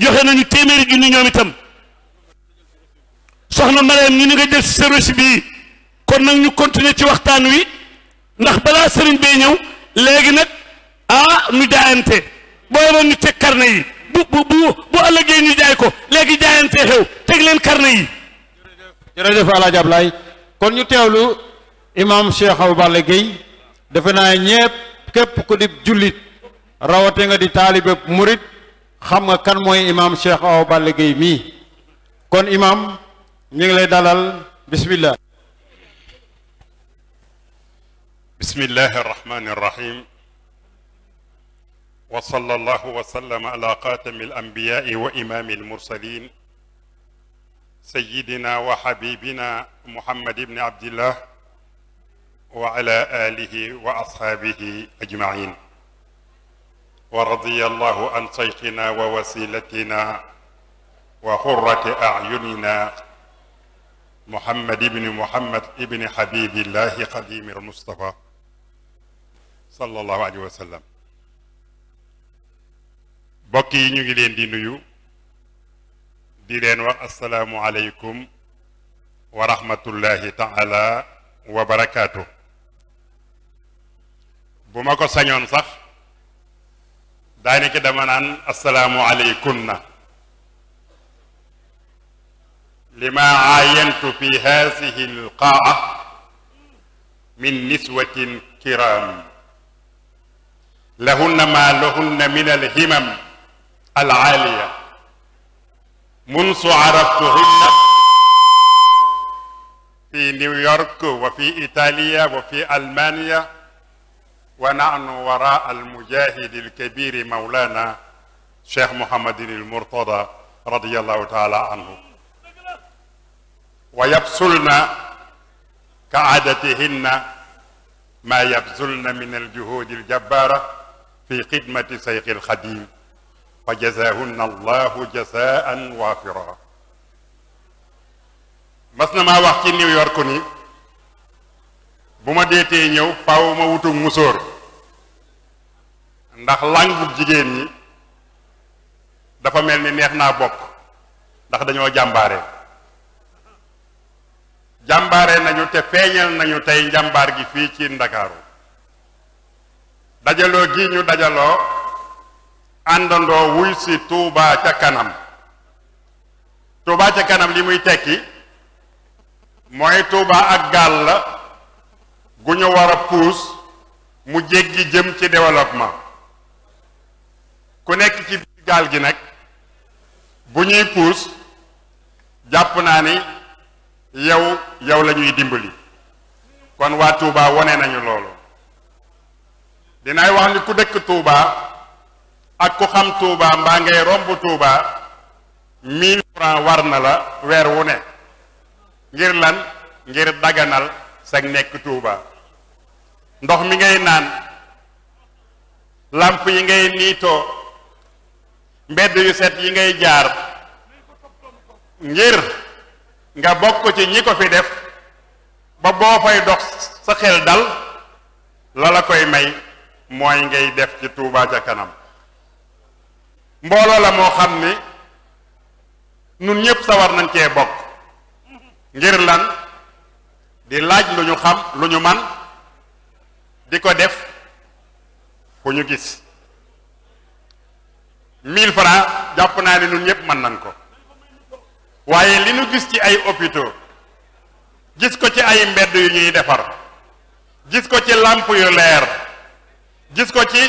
joxe nañu téeméeri junni ñoom itam soxna Mariam ñu ni nga jël sa reçu bii kon nag ñu continuer ci waxtaan wi ndax balaa sëriñ bee ñëw léegi nag ah ñu jaayante booyoon ñu teg carnet yi bu bu bu bu ëllëgee ñu jaay ko léegi jaayante xew teg leen carnet yi. jërëjëf Alaaji kon ñu teewlu imaam Cheikh Awa Balla Gueye defe naa ñépp képp ku di jullit rawate nga di taalibe murit xam nga kan mooy imaam Cheikh Awa Balla Gaye mii kon imaam ñu ngi lay dalal bismillah bismillahi arrahmani arrahim wa sallallahu wa sallam ala xaatami alanbiyaai wa imaami almursalin sayidina wa xabibina muhammad ibni abdillah wa ala alihi wa ashaabihi ajmain ورضي الله عن شيخنا ووسيلتنا وقرة أعيننا محمد بن محمد ابن حبيب الله خديم المصطفى صلى الله عليه وسلم mbokk yi ñu ngi leen di nuyu di leen wax asalaamu aleykum wa rahmatullahi taala wa barakaatu bu ma ko sañoon sax daanaka dama naan asalaamualeykum na lima aayantu fi haadihi alqaa min niswatin kiram lahunna ma lahunna min alhimam alaaliya منذ عرفتهن في نيويورك وفي إيطاليا وفي ألمانيا wa nahnu wara almujahidi alkabiri mawlana cheikh mohamadin almurtada radiallahu taala anhu wa yabsulna ka aadatihinna ma yabsulna min aljuhudi aljabbara fi xidmati seyqi alxadim fa jazahunna allahu jazaan waafira mas na maa wax ci New York ni bu ma deetee ñëw faaw ma wutug musóor ndax làngu jigéen ñi dafa mel ni neex naa bopp ndax dañoo jàmbaare jàmbaare nañu te feeñal nañu tey njàmbaar gi fii ci Ndakaaru dajaloo gi ñu dajaloo àndandoo wuy si Tuubaa ca kanam Tuubaa ca kanam li muy tekki mooy Tuubaa ak gaal la gu ñu war puus mu jéggi jëm ci développement ku nekk ci biir gaal gi nag bu ñuy puus jàpp naa ni yow yow la ñuy dimbali kon waa Touba wone nañu loolu dinaay wax ni ku dëkk Touba ak ku xam Touba mbaa ngay romb Touba mille francs war na la weer wu ne ngir lan ngir daganal sag nekk Touba ndox mi ngay naan làmp yi ngay niitoo mbedd yu set yi ngay jaar ngir nga bokk ci ñi ko fi def ba boo fay dox sa xel dal la la koy may mooy ngay def ci Touba kanam mbooloo la moo xam ni nun ñépp sawar nañ cee bokk ngir lan di laaj lu ñu xam lu ñu man di ko def ku ñu gis mille francs jàpp naa ne ñun ñëpp mën nañ ko waaye li ñu gis ci ay hôpitaux gis ko ci ay mbedd yu ñuy defar gis ko ci làmp yu leer gis ko ci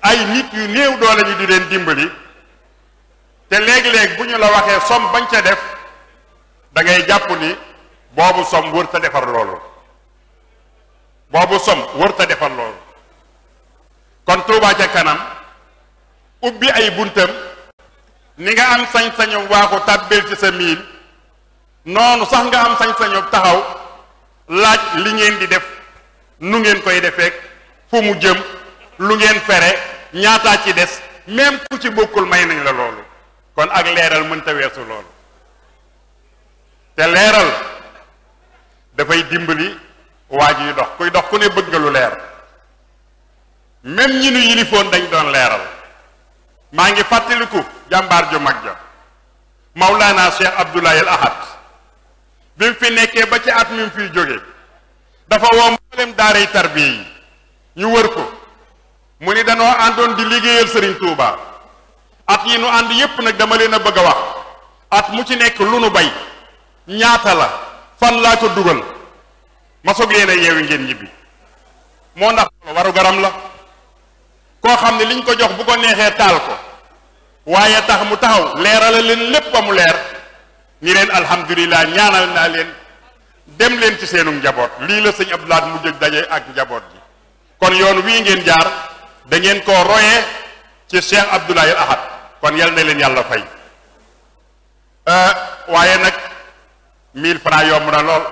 ay nit yu néew doole ñu di leen dimbali te léegi-léegi bu ñu la waxee som bañ ca def dangay jàpp ni boobu som wër ta defar loolu boobu som wërta defal loolu kon Touba ca kanam ubbi ay buntam ni nga am sañ-sañu waaxu tàbbeel ci sa miin noonu sax nga am sañ-sañu taxaw laaj li ngeen di def nu ngeen koy defeek fu mu jëm lu ngeen fere ñaataa ci des même ku ci bokkul may nañ la loolu kon ak leeral mënta weesu loolu te leeral dafay dimbali waa ji dox kuy dox ku ne bëgg nga lu leer même ñi nu yilifoon dañ doon leeral maa ngi fàttaliku jàmbaar ju mag ja Mawlana Cheikh Abdoulaye El Ahad bi mu fi nekkee ba ci at mi mu fiy jóge dafa woo mboolem daaray tarbiya yi ñu wër ko mu ni danoo àndoon di liggéeyal Serigne Touba at yi nu ànd yépp nag dama leen a bëgg a wax at mu ci nekk lu nu bay ñaata la fan laa ko dugal ma soog leen a yeewi ngeen ñibbi moo ndax waru la koo xam ne liñ ko jox bu ko neexee taal ko waaye tax mu taxaw leerala leen lépp ba mu leer ni leen alhamdulilah ñaanal naa leen dem leen ci seenu njaboot lii la sëñ Abdou mu jóg daje ak njaboot ji kon yoon wii ngeen jaar dangeen ngeen koo royee ci Cheikh Abdou Lahad kon yal na leen yàlla fay euh, waaye nag 1000 francs yomb na lool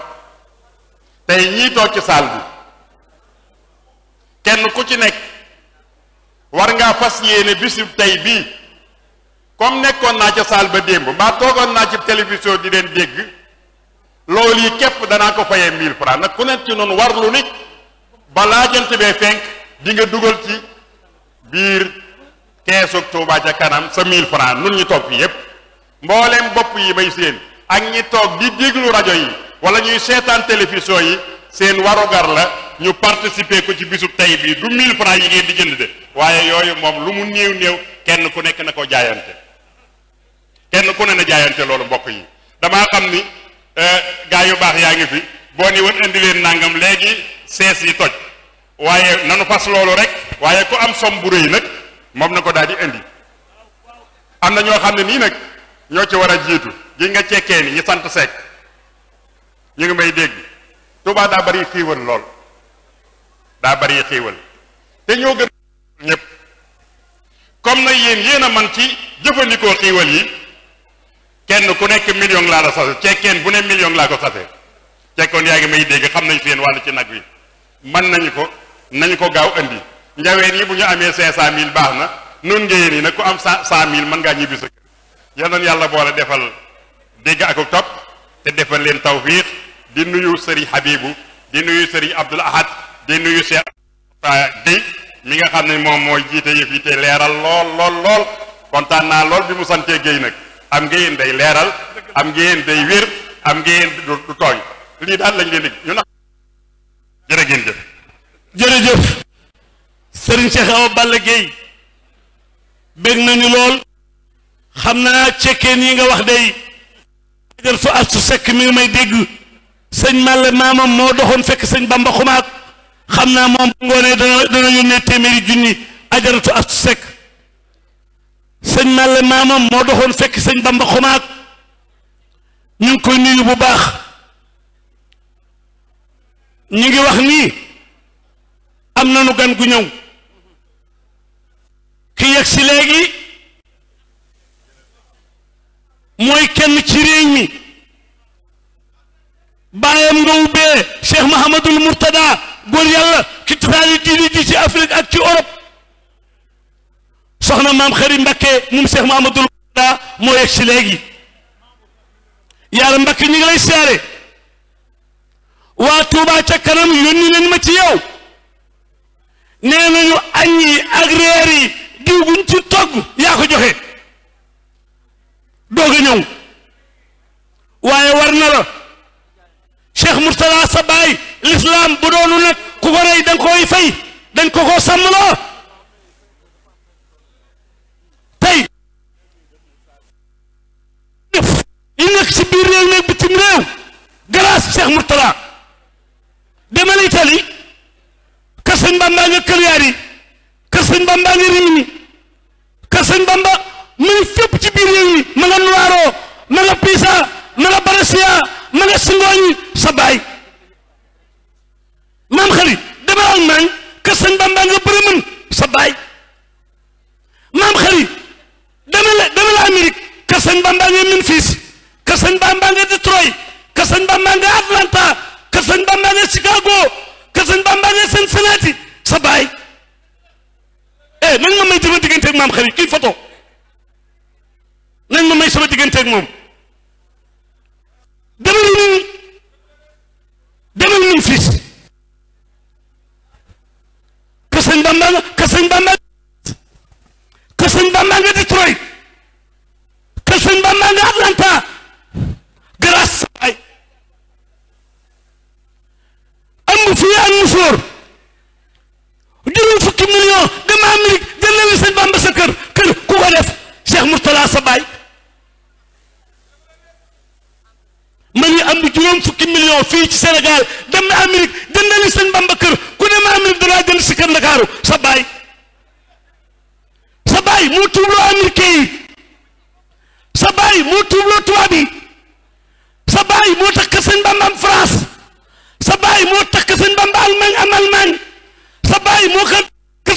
tey ñii toog ci saal bi kenn ku ci nekk war ngaa fas yéene bisib tey bii comme nekkoon naa ca saal ba démb mbaa toogoon naa ci télévision di leen dégg loolu yi képp danaa ko fayee 1000 francs nag ku nekk ci noonu war warlu nit balaa jant bee fenk di nga dugal ci biir keesu Tuubaa ca kanam sa 1000 francs nun ñu toog fi yépp mbooleem bopp yi may séen ak ñi toog di déglu rajo yi wala ñuy seetaan télévision yi seen warugar la ñu participer ko ci bisu tey bii du 1000 francs yi ngeen di jënd de waaye yooyu moom lu mu néew néew kenn ku nekk na ko jaayante kenn ku ne na jaayante loolu mbokk yi damaa xam ni euh, gaa yu baax yaa ngi fi boo ni woon indi leen nangam léegi sees yi toj waaye nanu fas loolu rek waaye ku am somme bu rëy nag moom na ko daal di indi am na ñoo xam ne nii nag ñoo ci war a jiitu gi nga cekkee ni ñi sant sekk ñu ngi may dégg Touba daa bari xéewal lool daa bari xéewal te ñoo gën ñëpp comme na yéen yéen a man ci jëfandikoo xéewal yi kenn ku nekk million laa la sase cee kenn bu ne million laa ko sase cekkoon yaa ngi may dégg xam nañ seen wàll ci nag wi mën nañu ko nañu ko gaaw andi njaween yi bu ñu amee cinq cent mille baax na noonu ngeen yi nag ku am cent cent mille mën ngaa ñibbi sa kër yàlla boole defal dégg ak topp te defal leen tawfiix di nuyu sëriñ Habibu di nuyu sëriñ Abdul Ahad di nuyu Cheikh Guèye mi nga xam ne moom mooy jiite yëf yi te leeral lool lool lool kontaan naa lool bi mu santee Guèye am ngeen leeral am ngeen day wér am ngeen du lii daal lañ leen ñu na jërë ngeen jëf jërëjëf sëriñ Cheikh Awa Balla Guèye bég nañu lool xam naa cekkeen yi nga wax day jël su sekk mi ngi may dégg sëñ Màlle maamam moo doxoon fekk sëñ Bamba xumaag xam naa moom bu ngoonee dana dana yónnee téeméeri junni ajaratu astu sekk sëñ male maamam moo doxoon fekk sëñ Bamba xumaag ñu ngi koy nuyu bu baax ñu ngi wax nii am na nu gan gu ñëw ki yegg si léegi mooy kenn ci réew mi bàyyam nga ubbee Cheikh Mahamadul Murtada góor yàlla ci tasaare ji ci Afrique ak ci Europe soxna maam Xari Mbakke moom Cheikh Mahamadul Murtada moo yegg si léegi yàlla Mbakke ñu ngi lay siyaare waa Touba ca kanam yónni leen ma ci yow nee nañu añ yi ak reer yi ci togg yaa joxe doog a dañ ko ko digganteeg moom demal nii demal nii fii. ka sëñ Bamba ka sëñ Bamba fii ci Sénégal dem na Amérique jëndali sëñ Bamba kër ku ne ma Amérique danaa kër Ndakaaru sa baay sa baay moo tuubloo américain yi sa baay moo tuubloo tubaab yi sa moo takk sëñ France sa moo takk sëñ Bamba Allemagne moo takk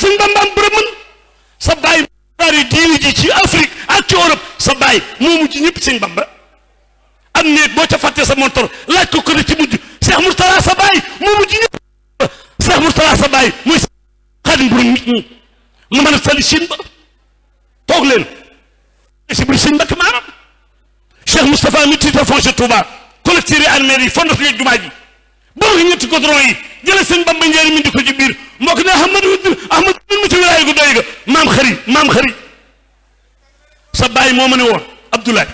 sëñ ci Afrique ak ci Europe sa moo mujj ñëpp sëñ Bamba am néeg boo ca fàttee sa montor laaj ko ko ci mujj mu mën a fali sin toog leen sibri sëñ Mbacke maanaam Cheikh Moustapha mi tiita foncé Touba collecteur yi armée yi fondation yi jumaa ji boog ñetti goudron yi jële sëñ Bamba njeeri mi di ko ci biir moo ko ne Ahmadou Ahmadou maam xëri maam xëri sa bàyyi moo ma ne woon Abdoulaye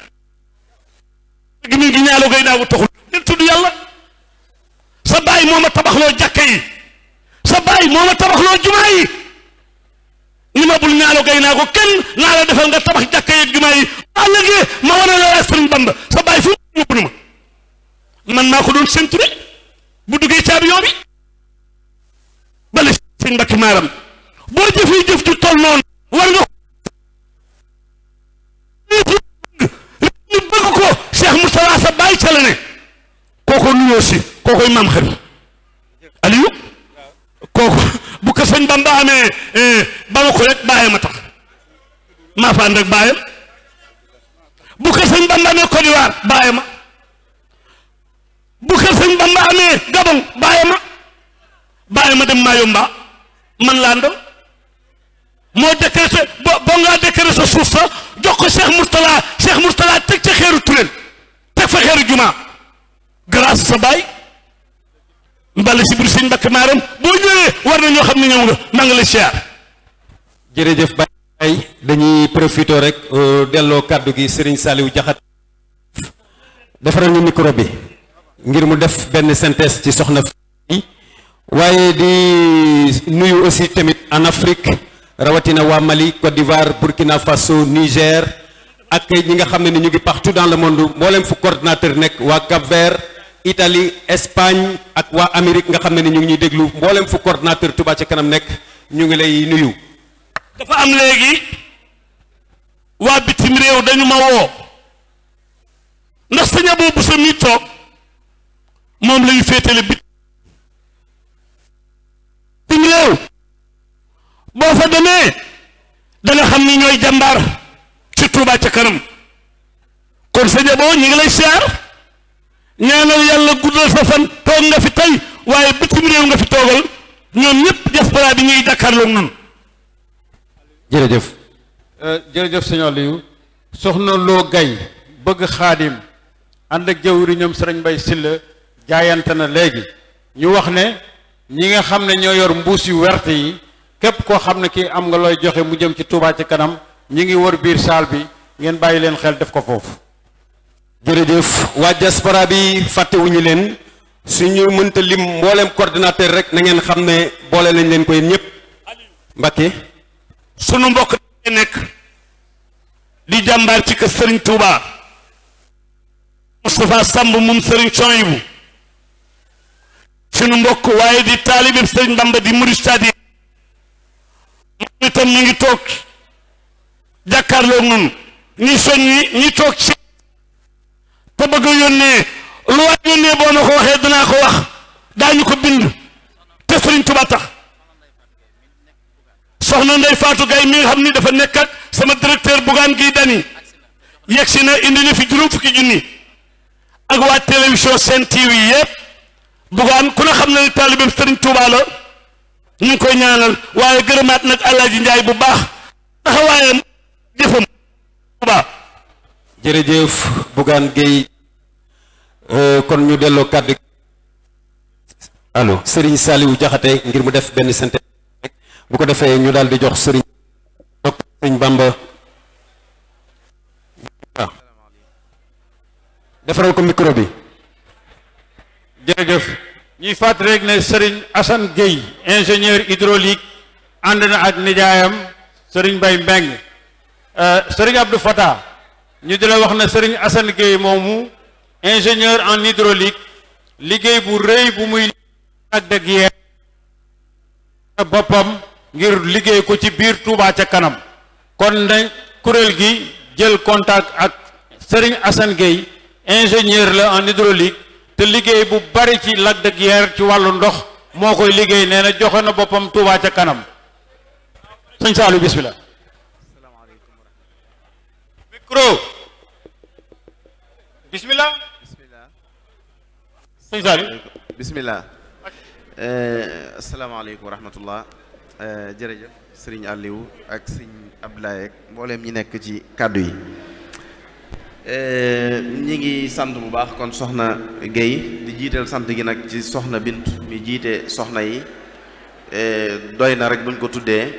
gi mi ngi ñaaloo gay naagu taxul del tudd yàlla sa bàyyi moo ma tabaxloo jàkka yi moo ni ma bul ñaalo gay naa ko kenn naa la defal nga tabax jàkka yeeg jumaa yi àllëgee ma wane la la sëriñ Bamba sa bàyyi fu mu yóbbu man maa ko doon séntu bu duggee caabi yoo bale sëñ Mbacke maaram boo jëfee jëf ju toll noonu war nga ñu ko Cheikh Moustapha sa bàyyi ca la kooko nuyoo si kookoy ko rek bàyyam a tax maa fa ànd ak bàyyam bu kër sëñ Bamba amee Côte a bu kër sëñ Bamba Gabon bàyyam a bàyyam a dem Mayumba man laa ndam moo décrété bo boo ngaa décrété sa suuf sa jox ko Cheikh Mourtala Cheikh Mourtala teg ca xeeru Turéel teg fa xeeru jumaa grâce sa baay mbala si biir sëñ Mbàkke Maaram boo ñëwee war na ñoo xam ne ñëw nga maa ngi lay siyaar jërëjëf Baye dañuy profité rek euh, delloo kàddu gi Serigne Saliou Diakhaté defaral ñu micro bi ngir mu def benn synthèse ci soxna fi waaye di nuyu aussi tamit en Afrique rawatina waa Mali Côte d'Ivoire Burkina Faso Niger ak ñi nga xam ne ni ñu ngi partout dans le monde mboolem fu coordinateur nekk waa Cap-Vert Italie Espagne ak waa Amérique nga xam ne ni ñu ngi ñuy déglu mboolem fu coordinateur Touba ca kanam nekk ñu ngi lay nuyu. dafa am léegi waa bitim réew dañu ma woo ndax sëñ Abou Bousso mi toog moom la ñu féetale bitim réew boo fa demee danga xam ni ñooy jàmbaar ci Touba ca kanam kon sëña Abou ñu ngi lay siyaar ñaanal yàlla guddal sa fan toog nga fi tey waaye bitim réew nga fi toogal ñoom ñëpp diaspora bi ñuy jàkkaarloog noonu jërëjëf euh, jërëjëf sëñ Aliou soxna Loo Gay bëgg xaadim ànd ak jawriñam sëriñ bay Silla jaayante na léegi ñu wax ne ñi nga xam ne ñoo yor mbuus yu werte yi képp koo xam ne kii am nga looy joxe mu jëm ci Touba ci kanam ñi ngi war biir saal bi ngeen bàyyi leen xel def ko foofu jërëjëf waa diaspora bi fàttewuñu leen suñu mënta lim mbooleem coordinateur rek na ngeen xam ne boole lañ leen koy yéen ñëpp Mbacké sunu mbokk da nekk di jàmbaar ci kër Serigne Touba Moustapha Samb moom Serigne Coyibu sunu mbokk waaye di taalibe Serigne Bamba di murid sadi moom mi ngi toog jàkkaarloo noonu ñi soññi ñi toog ci te bëgg yónnee lu waay yónnee boo ma ko waxee danaa ko wax daañu ko bind te Serigne Touba tax soxna Ndeye Fatou Gaye mi nga xam ni dafa nekk ak sama directeur Bougane gi Dany yegg si na indi na fi juróom fukki junni ak waa télévision Sen TV yëpp Bougane ku ne xam na ne taalibeem Serigne Touba ñu ngi koy ñaanal waaye gërëmaat nag Alaaji Njaay bu baax taxawaayam jëfam Touba jërëjëf Bougane Guèye euh, kon ñu delloo kàddu allo Serigne Saliou jaxate ngir mu def benn synthèse bu ko defee ñu daal di jox sëriñ sëriñ Bamba defaral ko micro bi jërëjëf ñuy fàtt rek ne sëriñ Assane Gueye ingénieur hydraulique ànd na ak nijaayam sëriñ Mbaye Mbengue euh, sëriñ Abdou Fata ñu di la wax ne sëriñ Assane Gueye moomu ingénieur en hydraulique liggéey bu rëy bu muy ak dëgg yee boppam ngir liggéey ko ci biir Touba ca kanam kon na kuréel gi jël contact ak Serigne Assane ingénieur la en hydraulique te liggéey bu bari ci Lac de ci wàllu ndox moo koy liggéey nee na joxe na boppam Touba ca kanam sëñ Saalu bismillah micro bismillah sëñ Saalu bismillah eh, Eh, jërëjëf sëriñ Aliou ak sëñ Abdoulaye ak mbooleem ñi nekk ci kàddu yi eh, ñi ngi sant bu baax kon soxna Guèye di jiital sant gi nag ci soxna Bint mi jiite soxna yi eh, doy na rek buñ ko tuddee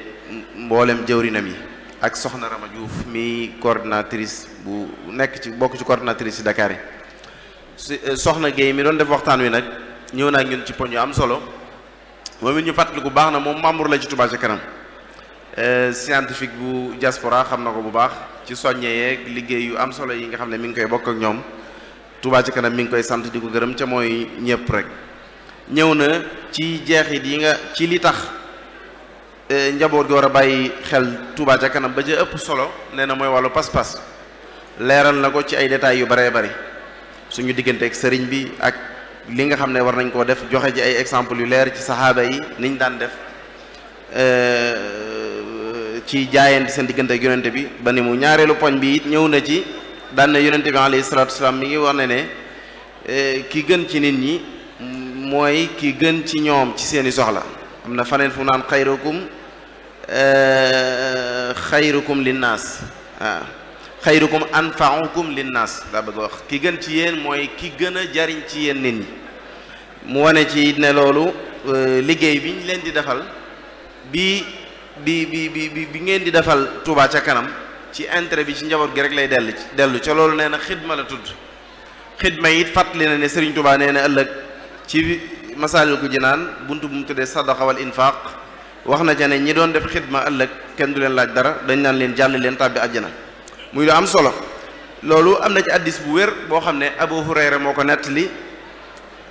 mbooleem jëwrinam yi ak soxna Rama Diouf mi coordinatrice bu nekk ci bokk ci coordinatrice Dakar yi soxna Guèye mi doon def waxtaan wi nag ñëw naa ñun ci poñ yu am solo moom it ñu fàttaliku baax na moom membre la ci Touba ca kanam euh, scientifique bu jaspora xam na ko bu baax ci soññe yeeg liggéey yu am solo yi nga xam ne mi ngi koy bokk ak ñoom Touba ca kanam mi ngi koy sant di ko gërëm ca mooy ñëpp rek ñëw na ci jeexit yi nga ci li tax euh, njaboot gi war a bàyyi xel Touba ca kanam ba ca ëpp solo nee na mooy wàllu pas-pas leeral na ko ci ay détails yu baree bari suñu digganteeg sëriñ bi ak li nga xam ne war nañ koo def joxe ji ay exemple yu leer ci saxaaba yi niñ daan def euh, ci jaayant seen diggante ak yonente bi ba ni mu ñaareelu poñ bi it ñëw na ci daan na yonente bi alayhi salaatu wasalaam mi ngi wax ne ne euh, ki gën ci nit ñi mooy ki gën ci ñoom ci seeni soxla am na faneen fu naan xayrukum euh, xayrukum linnaas waaw xayrukum anfaukum linnaas daa bëgg wax ki gën ci yéen mooy ki gën a jariñ ci yéen nit ñi mu wane ci ne loolu euh, liggéey bi ñu leen di defal bi bi bi bi bi ngeen di defal Touba ca kanam ci intérêt bi ci njaboot gi rek lay dellu ci dellu ca loolu nee na xidma la tudd xidma it fàttali na ne Serigne Touba nee na ëllëg ci Masaalikul Jinaan buntu bu mu tuddee sadaqa wal infaq wax na ca ne ñi doon def xidma ëllëg kenn du leen laaj dara dañ naan leen jàll leen tàbbi àjjana muy lu am solo loolu am na ci addis bu wér boo xam ne abu hurayra moo ko nettali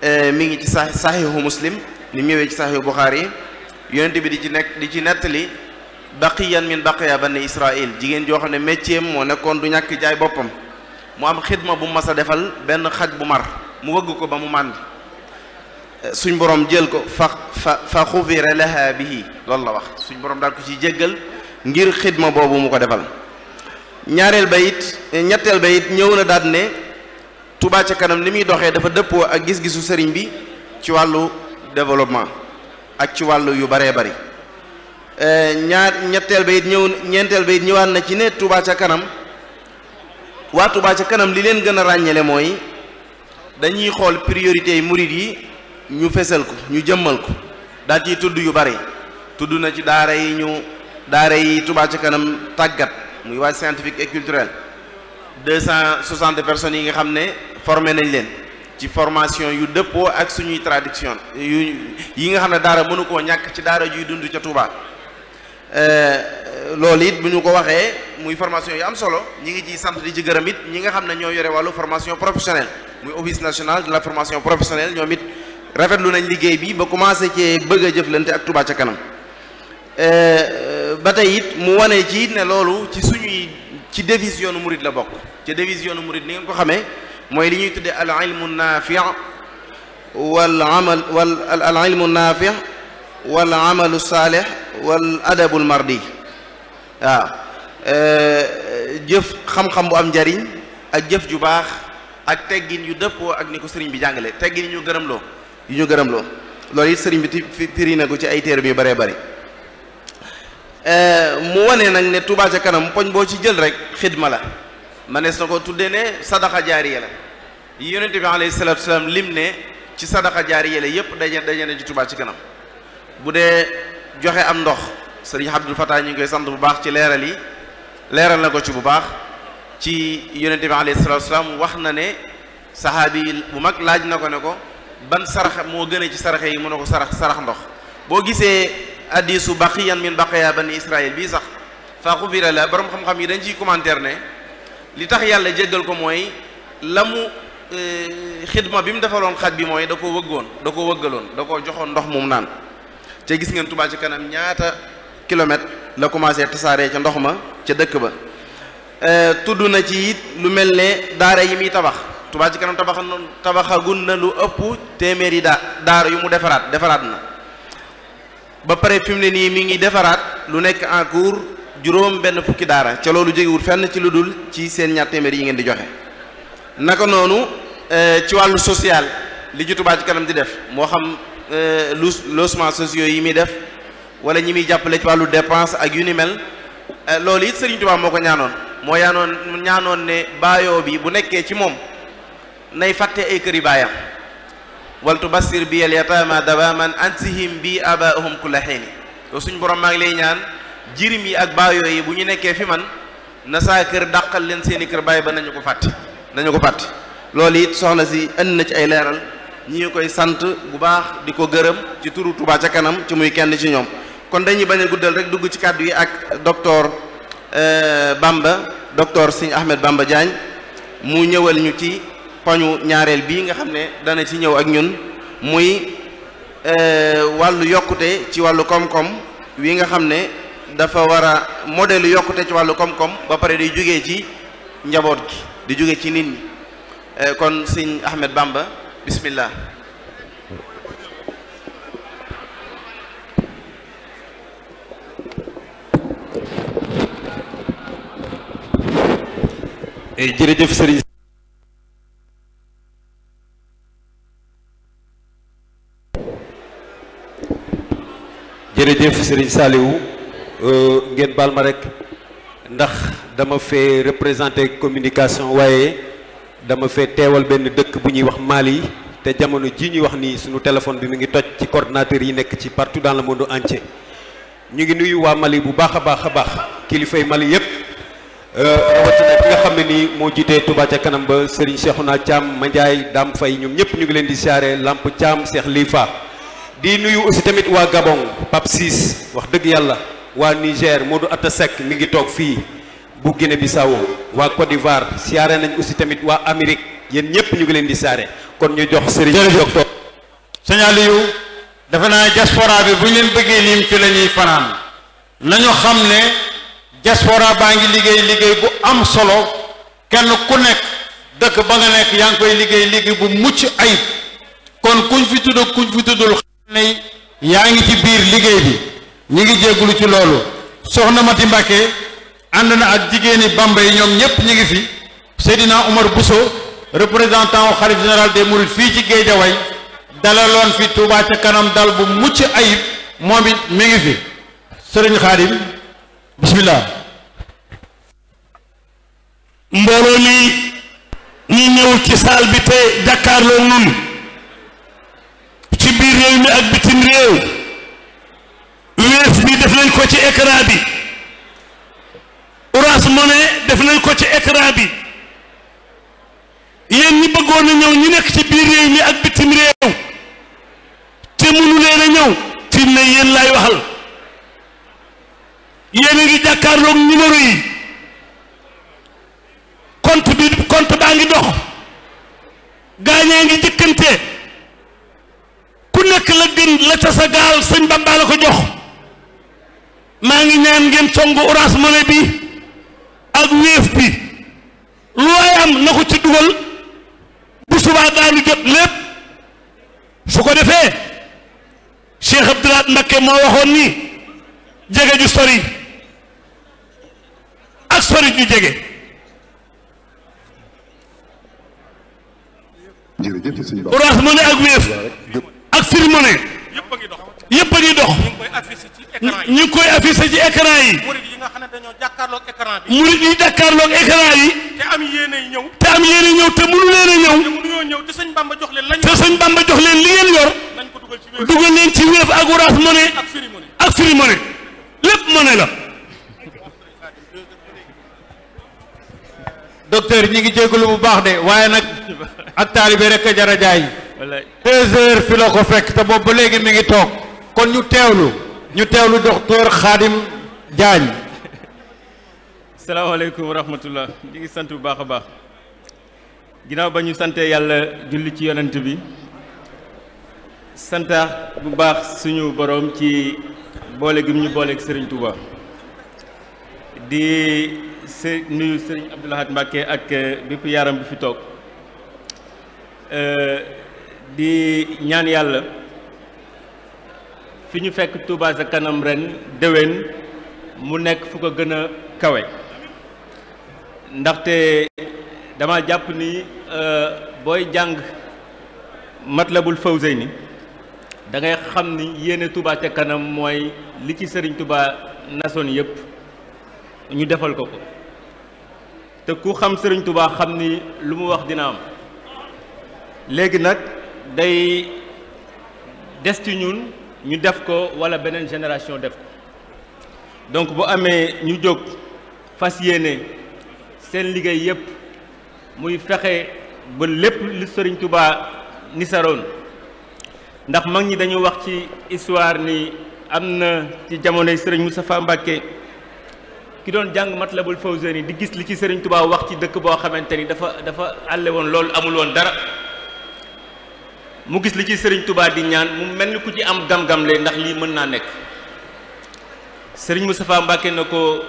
eh, mi ngi ci sa saxiixu muslim ni ñëwee ci saxiixu buxaari yonente bi di ci nekk di ci nettali baqiyan min baqiya bani israil jigéen joo xam ne métier moo nekkoon du ñàkk jaay boppam mu am xidma bu mas a defal benn xaj bu mar mu wëgg ko ba mu mànd eh, suñ boroom jël ko fa fa fa xufira laha la wax suñ borom daal ko ci jéggal ngir xidma boobu mu ko defal ñaareel ba it ñetteel ba it ñëw na daal ne Touba ca kanam li muy doxee dafa dëppoo ak gis-gisu sëriñ bi ci wàllu développement ak ci wàllu yu baree bari euh, ñaar ñetteel ba it ñëw ñeenteel ba it ñëwaat na ci ne Touba ca kanam waa tubaa ca kanam li leen gën a ràññale mooy dañuy xool priorité yi murit yi ñu fesal ko ñu jëmmal ko daal ciy tudd yu bari tudd na ci daara yi ñu daara yi Touba ca kanam tàggat muy waa scientifique et culturel deux cent soixante personnes yi nga xam ne formé nañ leen ci formation yu dëppoo ak suñuy tradition yi nga xam ne daara mënu koo ñàkk ci daara juy dund ca Touba euh, lool it bu ñu ko waxee muy formation yu am solo ñi ngi ciy sant di ci gërëm it ñi nga xam ne ñoo yore wàllu formation professionnelle muy office national de la formation professionnelle ñoom it rafetlu nañ liggéey bi ba commencé cee bëgg a jëflante ak Touba Euh, euh, ba tey it mu wane ci ne loolu ci suñuy ci devise yoonu murid la bokk ci devise yoonu murid ni ngeen ko xamee mooy li ñuy tuddee al ilmu naafi wal amal wal al ilmu naafi wal amalu saalih wal adabul mardi waaw euh, jëf xam-xam bu am njariñ ak jëf ju baax ak teggin yu dëppoo ak ni ko sëriñ bi jàngale teggin yu ñu gërëmloo yu ñu gërëmloo loolu it sëriñ bi firi na ko ci ay téeram yu baree bari Euh, mu wane nag ne Touba ca kanam poñ boo ci jël rek xidma la manees na ko tuddee ne sadaqa jaariya la yonent bi alayhi salaatu wasalaam lim ne ci sadaqa jaariya la yëpp daje daje na ci Touba ci kanam bu dee joxe am ndox sëriñ Abdul Fatah ñu ngi koy sant bu baax ci leeral yi leeral na ko ci bu baax ci yonent bi alayhi salaatu wasalaam wax na ne sahaabi yi bu mag laaj na ko ne ko ban sarax moo gën a ci saraxe yi mu ne ko sarax sarax ndox boo gisee. addisu baqiyan min baqaya bani israil bii sax fa xufira la borom xam-xam yi dañ ciy commentaire ne li tax yàlla jéggal ko mooy la mu euh, xidma bi mu defaroon xaj bi mooy da ko wëggoon da ko wëggaloon da ko joxoon ndox mum naan te gis ngeen Tuubaa ci kanam ñaata kilomètre la commencé tasaare ca ndox ma ca dëkk ba euh, tudd na ci it lu mel ne daara yi muy tabax Tuubaa ci kanam tabax tabaxagun na lu ëpp téeméeri daa daara yu mu defaraat defaraat na ba pare fi mu ne nii mi ngi defaraat lu nekk en cours juróom benn fukki daara ca loolu jógewul fenn ci lu dul ci seen ñaar téeméer yi ngeen di joxe naka noonu euh, ci wàllu social li ju Touba ci kanam di def moo xam euh, lu logement sociaux yi muy def wala ñi muy jàppale ci wàllu dépense ak yu ni mel euh, loolu it Serigne Touba moo ko ñaanoon moo yaanoon ñaanoon ne baayoo bi bu nekkee ci moom nay fàtte ay këri baayam wal tubassir bi al man dawaman ansihim bi abaahum kulla xiini yow suñ borom maa ngi lay ñaan jirim yi ak baayoo yi bu ñu nekkee fi man na saa kër dàqal leen seeni kër bàyyi ba nañu ko fàtt nañu ko fàtte loolu it soxna si indi na ci ay leeral ñi koy sant bu baax di ko gërëm ci turu Touba ca kanam ci muy kenn ci ñoom kon dañuy bañ a guddal rek dugg ci kàddu yi ak docteur euh, Bamba docteur Serigne Ahmed Bamba Diagne mu ñëwal ñu ci poñu ñaareel bii nga xam ne dana ci ñëw ak ñun muy e, wàllu yokkute ci wàllu koom-koom wi nga xam ne dafa war a modèle yokkute ci wàllu koom-koom ba pare di jógee ci njaboot gi di jóge ci nit e, kon sëñ Ahmed Bamba bismillah eh, jërëjëf sëriñ jërëjëf Serigne Saliou euh, ngeen baal ma rek ndax dama fee représenté communication waaye dama fee teewal benn dëkk bu ñuy wax Mali te jamono ji ñuy wax nii suñu téléphone bi mu ngi toj ci coordinateur yi nekk ci partout dans le monde entier ñu ngi nuyu waa Mali bu baax a baax a baax kilifay Mali yépp euh, rawatina bi nga xam ne nii moo jiitee Touba ca kanam ba Serigne naa Thiam Mandiaye Dame fay ñoom ñëpp ñu ngi leen di siyaare Lamp Thiam Cheikh Lifa di nuyu aussi tamit waa Gabon Pape Ciss wax dëgg yàlla waa Niger Modou Atta Seck mi ngi toog fii bu Guinée Bissau waa Côte d'Ivoire siare nañ aussi tamit waa Amérique yéen ñëpp ñu ngi leen di saare kon ñu jox Serigne. jërëjëf toog sëñ Aliou defe naa jaspora bi bu ñu leen bëggee lim ci la ñuy fanaan nañu xam ne jaspora baa ngi liggéey liggéey bu am solo kenn ku nekk dëkk ba nga nekk yaa ngi koy liggéey liggéey bu mucc ay kon kuñ fi tudd kuñ fi tuddul ne yaa ngi ci biir liggéey bi ñu ngi jéggulu ci loolu soxna Mati Mbàkke ànd na ak jigéeni Bamba yi ñoom ñépp ñu ngi fi Seydina Omar Bousso représentant au xalif fii ci Géejawaay dalaloon fi dal bu mucc ayib mi ngi fi sëriñ Xaadim bismillah mbooloo ñu ñëw ci saal bi te jàkkaarloo nun biir réew mi ak bitim réew wees bi def nañ ko ci écran bi Orange Money def nañ ko ci écran bi yéen ñi bëggoon ñëw ñi nekk ci biir réew mi ak bitim réew te mënu leen ñëw fi ne yéen laay waxal yéen a ngi jàkkaarloog numéro yi compte bi compte baa ngi dox gaañaa ngi jëkkante ku nekk la gën la ca sa gaal sëñ Bamba ko jox maa ngi ñaan ngeen songu Orange Money bi ak Wave bi lu waay am na ko ci dugal bu subaa daanu jot lépp su ko defee Cheikh Abdoul Ahad moo waxoon ni jege ju sori ak sori ju jege Orange Money ak Wave affirmer yëpp a ngi dox ñu ngi koy affiché ci écran yi murid yi jàkkaarloog écran yi te am yéene ñëw te mënu leen a ñëw te sëñ Bamba jox leen li ngeen yor dugal leen ci Wave ak Orange Money ak Free Money lépp money la docteur ñi ngi jégalu bu baax de waaye nag ak taalibe rek a deux heures fi la ko fekk te boobu ba léegi mi ngi toog kon ñu teewlu ñu teewlu docteur xaadim Diagne salaamaaleykum wa rahmatullah ñu ngi sant bu baax a baax ginnaaw ba ñu santee yàlla julli ci yonent bi santaax bu baax suñu boroom ci boole gi ñu booleeg Serigne Touba di se nuyu Serigne Abdoul ak bépp yaram bi fi toog euh, di ñaan yàlla fi ñu fekk Touba ca kanam ren déwén mu nekk fu ko gën a kawe ndaxte dama jàpp ni euh, booy jàng Matlabul Fawzayni da ngay xam ni yéene Touba ca kanam mooy li ci sëriñ Touba nasoon yépp ñu defal ko ko te ku xam Serigne Touba xam ni lu mu wax dina am léegi nag day des ci ñun ñu def ko walla beneen génération def ko donc bu amee ñu jóg fas yéene seen liggéey yépp muy fexe ba lépp lu Sëriñ Tuubaa nisaroon ndax mag ñi dañu wax ci histoire ni am na ci jamonoy Sëriñ Moustapha Mbàkke ki doon jàng mat Matlabul Fawzayni di gis li ci Sëriñ Tuubaa wax ci dëkk boo xamante ni dafa dafa àlle woon loolu amul woon dara mu gis li ci sëriñ Touba di ñaan mu mel ni ku ci am gam-gam ndax lii mën naa nekk sëriñ Moustapha Mbacke na ko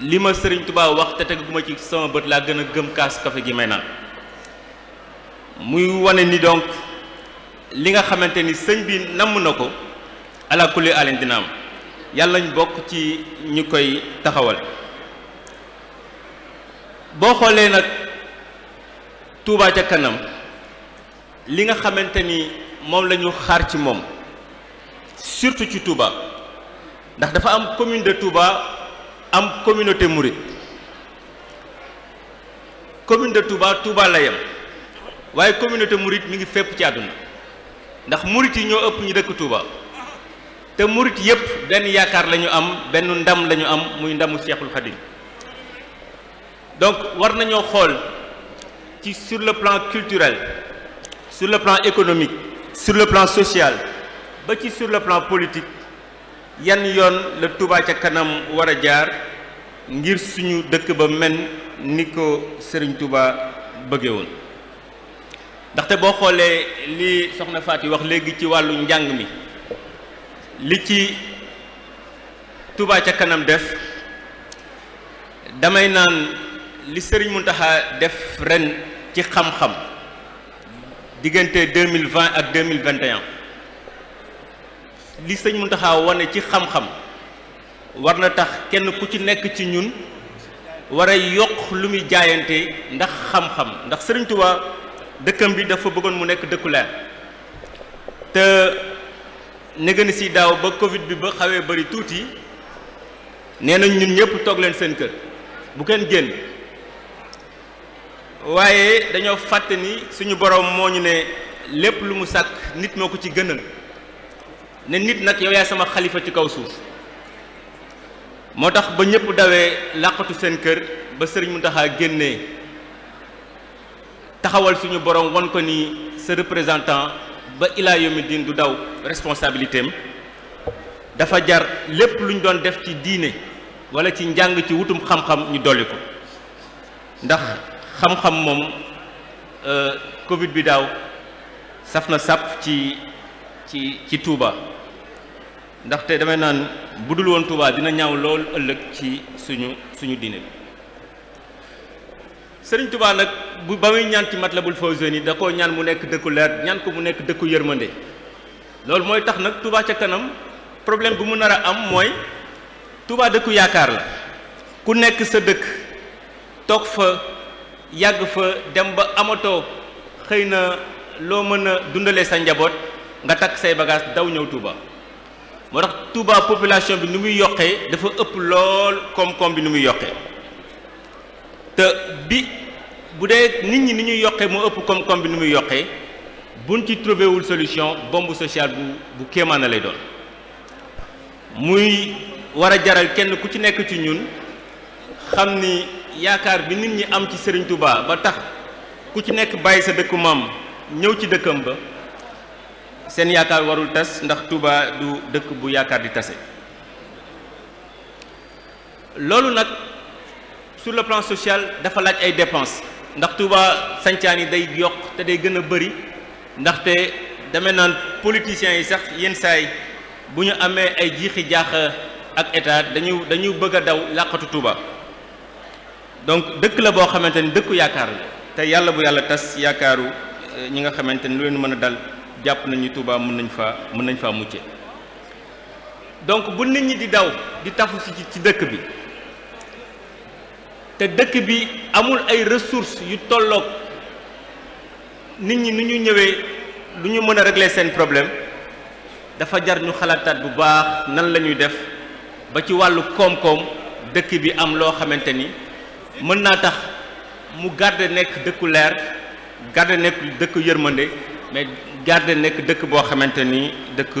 li ma sëriñ Touba wax te teguma ci sama bët laa gën a gëm kaas kafe gi may naan muy wane ni donc li nga xamante ni sëñ bi namm na ko ala kulli alin dina am yàlla ñu bokk ci ñu koy taxawal boo xoolee nag Touba ca kanam. li nga xamante ni moom la ñu xaar ci moom surtout ci Touba ndax dafa am commune de Touba am communauté Mouride commune de Touba Touba la yem waaye communauté Mouride mi ngi fépp ci àdduna ndax Mouride yi ñoo ëpp ñu dëkk Touba te Mouride yépp benn yaakaar lañu am benn ndam lañu am muy ndamu Cheikhul Khadim donc war nañoo xool ci sur le plan culturel. sur le plan économique sur le plan social ba ci sur le plan politique yan yoon la Touba ca kanam war a jaar ngir suñu dëkk ba mel ni ko Serigne Touba bëggee woon ndaxte boo xoolee li soxna Fatou wax léegi ci wàllu njàng mi li ci Touba ca kanam def damay naan li Serigne Mountakha def ren ci xam-xam. diggante 2020 ak de vingt an li sëñ Mountakha wane ci xam-xam war na tax kenn ku ci nekk ci ñun wara yokk lu muy jaayante ndax xam-xam ndax Sëriñ dëkkam bi dafa bëggoon mu nekk dëkku leer te négani si daaw ba Covid bi ba xawee bari tuuti nee nañ ñun ñëpp toog leen seen kër bu kenn génn waaye dañoo fàtte ni suñu borom moo ñu ne lépp lu mu sàkk nit moo ko ci gënal ne nit nag yow yaay sama xalifa ci kaw suuf moo tax ba ñëpp dawee làqatu seen kër ba sëriñ mu Muntaxa génnee taxawal suñu borom won ko ni sa représentant ba ilaa yomi diin du daw responsabilité am dafa jar lépp lu ñu doon def ci diine wala ci njàng ci wutum xam-xam ñu dolli ko ndax xam-xam moom euh, Covid bi daaw saf na sàpp ci ci ci Touba ndaxte damay naan bu dul woon Touba dina ñaaw lool ëllëg ci suñu suñu diine bi Sëriñ Touba nag bu ba muy ñaan ci Matlabul Fawzayni da koo ñaan mu nekk dëkku leer ñaan ko mu nekk dëkku yërmande loolu mooy tax nag Touba ca kanam problème bu mu nar a am mooy Touba dëkku yaakaar la ku nekk sa dëkk toog fa. yàgg fa dem ba amatoo xëy na loo mën a dundalee sa njaboot nga takk say bagage daw ñëw Touba moo tax Touba population bi ni muy yokkee dafa ëpp lool koom-koom bi ni muy yokkee te bi bu dee nit ñi ni ñuy yokkee moo ëpp koom bi ni muy yokkee buñ ci trouvé wul solution bombe sociale bu bu kéemaana lay doon muy war a jaral kenn ku ci nekk ci ñun xam ni. yaakaar bi nit ñi am ci Serigne Touba ba tax ku ci nekk bàyyi sa dëkku maam ñëw ci dëkkam ba seen yaakaar warul tas ndax Touba du dëkk bu yaakaar di tase loolu nag sur le plan social dafa laaj ay dépenses ndax Touba sancaan yi day yokk te day gën a bëri ndaxte dame naan politiciens yi sax yenn saay bu ñu amee ay jiixi jaaxa ak état dañu dañu bëgg a daw làqatu Touba donc dëkk la boo xamante ni dëkku yaakaar la te yàlla bu yàlla tas yaakaaru euh, ñi nga xamante ni lu leen mën a dal jàpp nañu Touba mën nañ faa mën nañ faa mucce donc bu nit ñi di daw di tafu si ci dëkk bi te dëkk bi amul ay ressources yu tolloog nit ñi nu ñu ñëwee lu ñu mën a régler seen problème dafa jar ñu xalaataat bu baax nan la ñuy def ba ci wàllu koom-koom dëkk bi am loo xamante ni mën naa tax mu garde nekk dëkku leer garde nekk dëkk yërmande mais garde nekk dëkk boo xamante ni dëkk